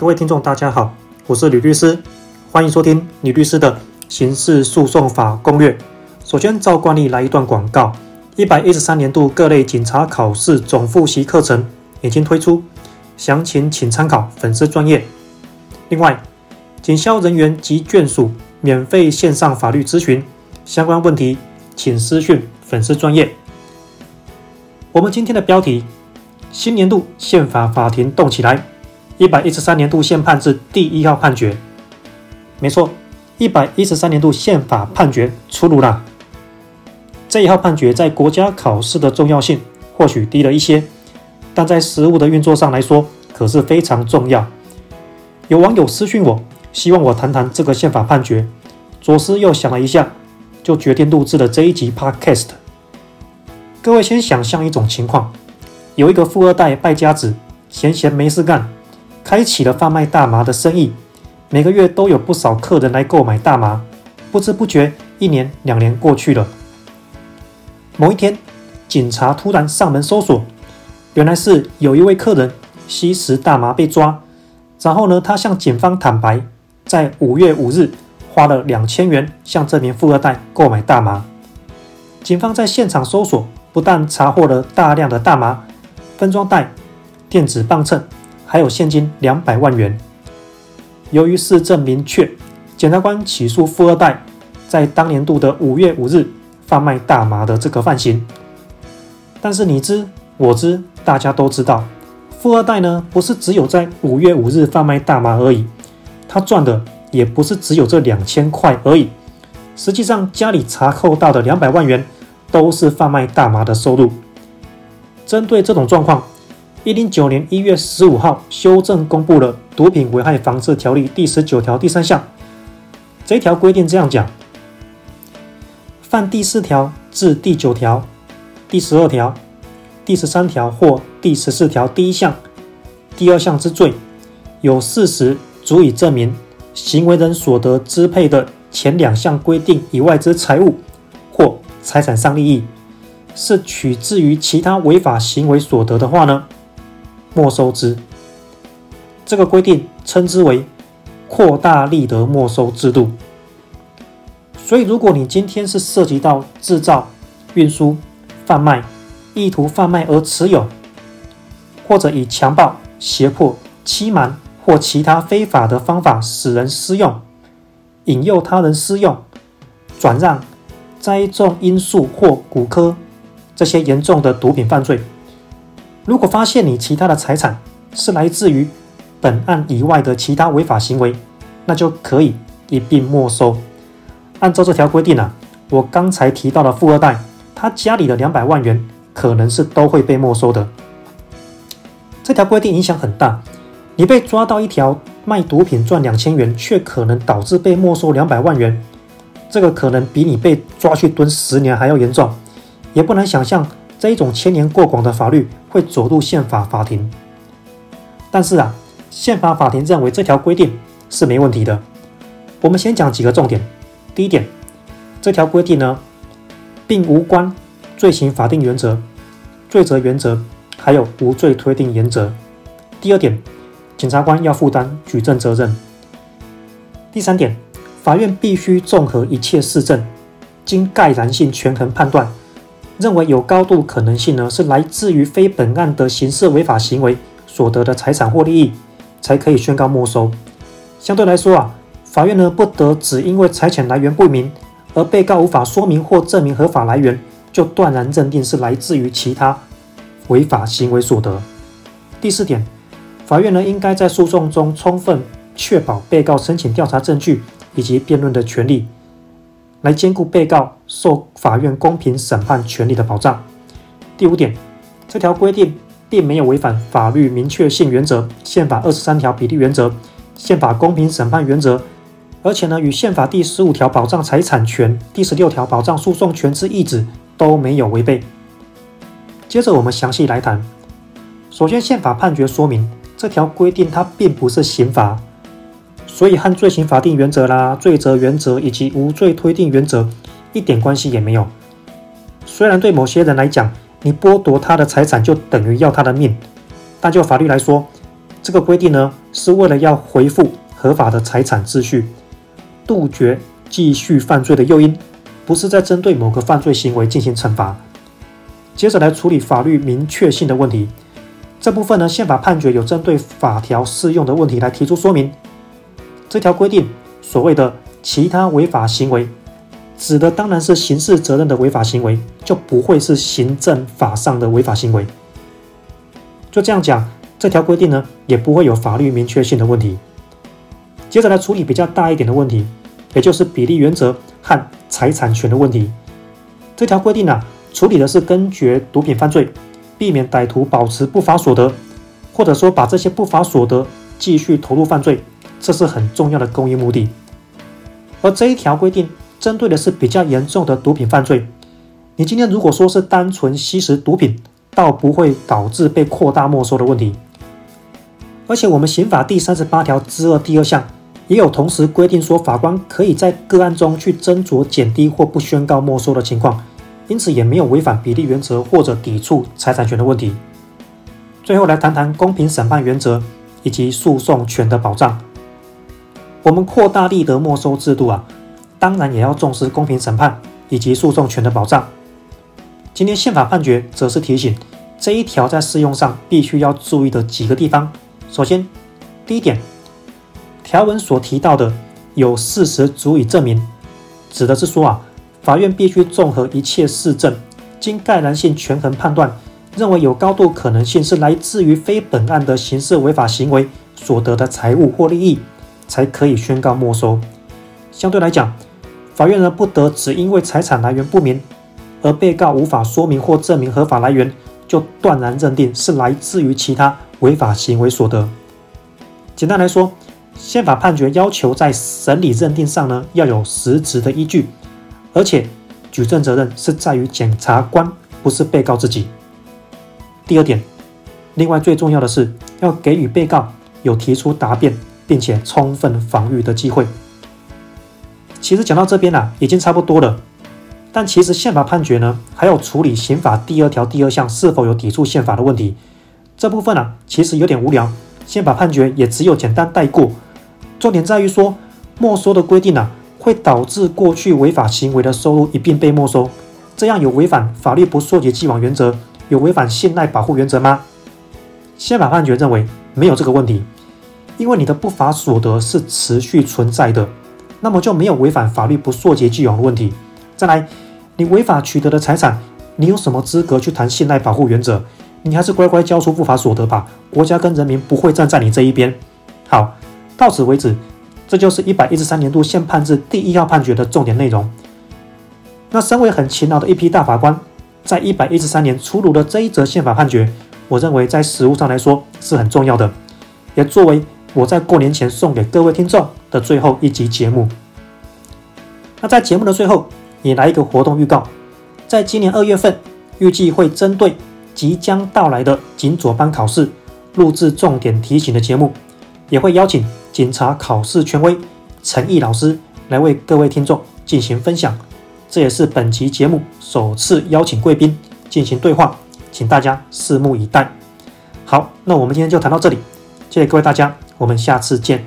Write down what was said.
各位聽眾，大家好，我是呂律師，歡迎收聽呂律師的《刑事訴訟法攻略》。首先，照慣例來一段廣告：一百一十三年度各類警察考試總複習課程已經推出，詳情請參考粉絲專業。另外，警消人員及眷屬免費線上法律諮詢，相關問題請私訊粉絲專業。我們今天的標題：新年度憲法法庭動起來。一百一十三年度憲判字第一號判決沒，沒錯，一百一十三年度憲法判決出爐啦。這一號判決在國家考試的重要性或許低了一些，但在實務的運作上來說可是非常重要。有網友私訊我，希望我談談這個憲法判決。左思右想了一下，就決定錄制了這一集 Podcast。各位先想象一種情況：有一個富二代敗家子，閒閒沒事幹。開啟了販賣大麻的生意，每個月都有不少客人來購買大麻。不知不覺，一年兩年過去了。某一天，警察突然上門搜索，原來是有一位客人吸食大麻被抓。然後呢，他向警方坦白，在五月五日花了兩千元向這名富二代購買大麻。警方在現場搜索，不但查獲了大量的大麻、分裝袋、電子磅秤。還有現金兩百萬元。由於事證明確，檢察官起訴富二代在當年度的五月五日販賣大麻的這個犯行。但是你知我知，大家都知道，富二代呢，不是只有在五月五日販賣大麻而已，他賺的也不是只有這兩千塊而已。實際上，家裡查扣到的兩百萬元都是販賣大麻的收入。針對這種狀況，一零九年一月十五號，修正公布了《毒品危害防制條例》第十九條第三項。這條規定這樣講：犯第四條至第九條、第十二條、第十三條或第十四條第一項、第二項之罪，有事實足以證明行為人所得支配的前兩項規定以外之財物或財產上利益，是取自於其他違法行為所得的話呢，沒收之，這個規定稱之為擴大利得沒收制度。所以，如果你今天是涉及到製造、運輸、販賣、意圖販賣而持有，或者以強暴、脅迫、欺瞞或其他非法的方法使人施用、引誘他人施用、轉讓、栽種罌粟或古柯這些嚴重的毒品犯罪。如果發現你其他的財產是來自於本案以外的其他違法行為，那就可以一併沒收。按照這條規定呢、啊，我剛才提到的富二代，他家裡的兩百萬元可能是都會被沒收的。這條規定影響很大，你被抓到一條賣毒品賺兩千元，卻可能導致被沒收兩百萬元，這個可能比你被抓去蹲十年還要嚴重。也不難想象，這一種牽連過廣的法律，會走入憲法法庭，但是啊，憲法法庭認為這條規定是沒問題的。我們先講幾個重點。第一點，這條規定呢，並無關罪刑法定原則、罪責原則，還有無罪推定原則。第二點，檢察官要負擔舉證責任。第三點，法院必須綜合一切事證，經蓋然性權衡判斷。認為有高度可能性呢，是來自於非本案的刑事違法行為所得的財產或利益，才可以宣告沒收。相對來說啊，法院呢不得只因為財產來源不明，而被告無法說明或證明合法來源，就斷然認定是來自於其他違法行為所得。第四點，法院呢應該在訴訟中充分確保被告申請調查證據以及辯論的權利，來兼顧被告受法院公平審判權利的保障。第五點，這條規定並沒有違反法律明確性原則、憲法二十三條比例原則、憲法公平審判原則，而且呢，與憲法第十五條保障財產權、第十六條保障訴訟權之意旨都沒有違背。接着我們詳細來談。首先，憲法判決說明，這條規定它並不是刑罰，所以和罪刑法定原則啦、罪責原則以及無罪推定原則。一點關係也沒有。雖然對某些人來講，你剝奪他的財產就等於要他的命，但就法律來說，這個規定呢，是為了要回復合法的財產秩序，杜絕繼續犯罪的誘因，不是在針對某個犯罪行為進行懲罰。接着來處理法律明確性的問題。這部分呢，憲法判決有針對法條適用的問題來提出說明。這條規定所謂的其他違法行為。指的當然是刑事責任的違法行為，就不會是行政法上的違法行為。就這樣講，這條規定呢，也不會有法律明確性的問題。接着來處理比較大一點的問題，也就是比例原則和財產權的問題。這條規定呢、啊，處理的是根絕毒品犯罪，避免歹徒保持不法所得，或者說把這些不法所得繼續投入犯罪，這是很重要的公益目的。而這一條規定，針對的是比較嚴重的毒品犯罪，你今天如果說是單純吸食毒品，倒不會導致被擴大沒收的問題。而且我們刑法第三十八條之二第二項也有同時規定，說法官可以在個案中去斟酌減低或不宣告沒收的情況，因此也沒有違反比例原則或者抵觸財產權、權的問題。最後來談談公平審判原則以及訴訟權的保障。我們擴大利得沒收制度啊。當然也要重視公平審判以及訴訟權的保障，今天憲法判決則是提醒這一條在適用上必須要注意的幾個地方。首先，第一點，條文所提到的有事實足以證明，指的是說啊，法院必須綜合一切事證，經蓋然性權衡判斷，認為有高度可能性是來自於非本案的刑事違法行為所得的財物或利益，才可以宣告沒收。相對來講，法院呢，不得只因為財產來源不明，而被告無法說明或證明合法來源，就斷然認定是來自於其他違法行為所得。簡單來說，憲法判決要求在審理認定上呢，要有實質的依據，而且舉證責任是在於檢察官，不是被告自己。第二點，另外最重要的是要給予被告有提出答辯並且充分防禦的機會。其實講到這邊呢、啊，已經差不多了。但其實憲法判決呢，還要處理刑法第二條第二項是否有抵觸憲法的問題。這部分呢、啊，其實有點無聊。憲法判決也只有簡單帶過，重點在於說沒收的規定呢、啊，會導致過去違法行為的收入一併被沒收。這樣有違反法律不溯及既往原則，有違反信賴保護原則嗎？憲法判決認為沒有這個問題，因為你的不法所得是持續存在的。那麼就沒有違反法律不溯及既往的問題。再來，你違法取得的財產，你有什麼資格去談信賴保護原則？你還是乖乖交出不法所得吧，國家跟人民不會站在你這一邊。好，到此為止，這就是一百一十三年度憲判字第一號判決的重點內容。那身為很勤勞的一批大法官，在一百一十三年出爐的這一則憲法判決，我認為在實務上來說是很重要的，也作為我在過年前送給各位聽眾的最後一集節目。那在節目的最後，也來一個活動預告。在今年二月份，預計會針對即將到來的警佐班考試，錄制重點提醒的節目，也會邀請警察考試權威陳毅老師來為各位聽眾進行分享。這也是本期節目首次邀請貴賓進行對話，請大家拭目以待。好，那我們今天就談到這裡，謝謝各位大家，我們下次見。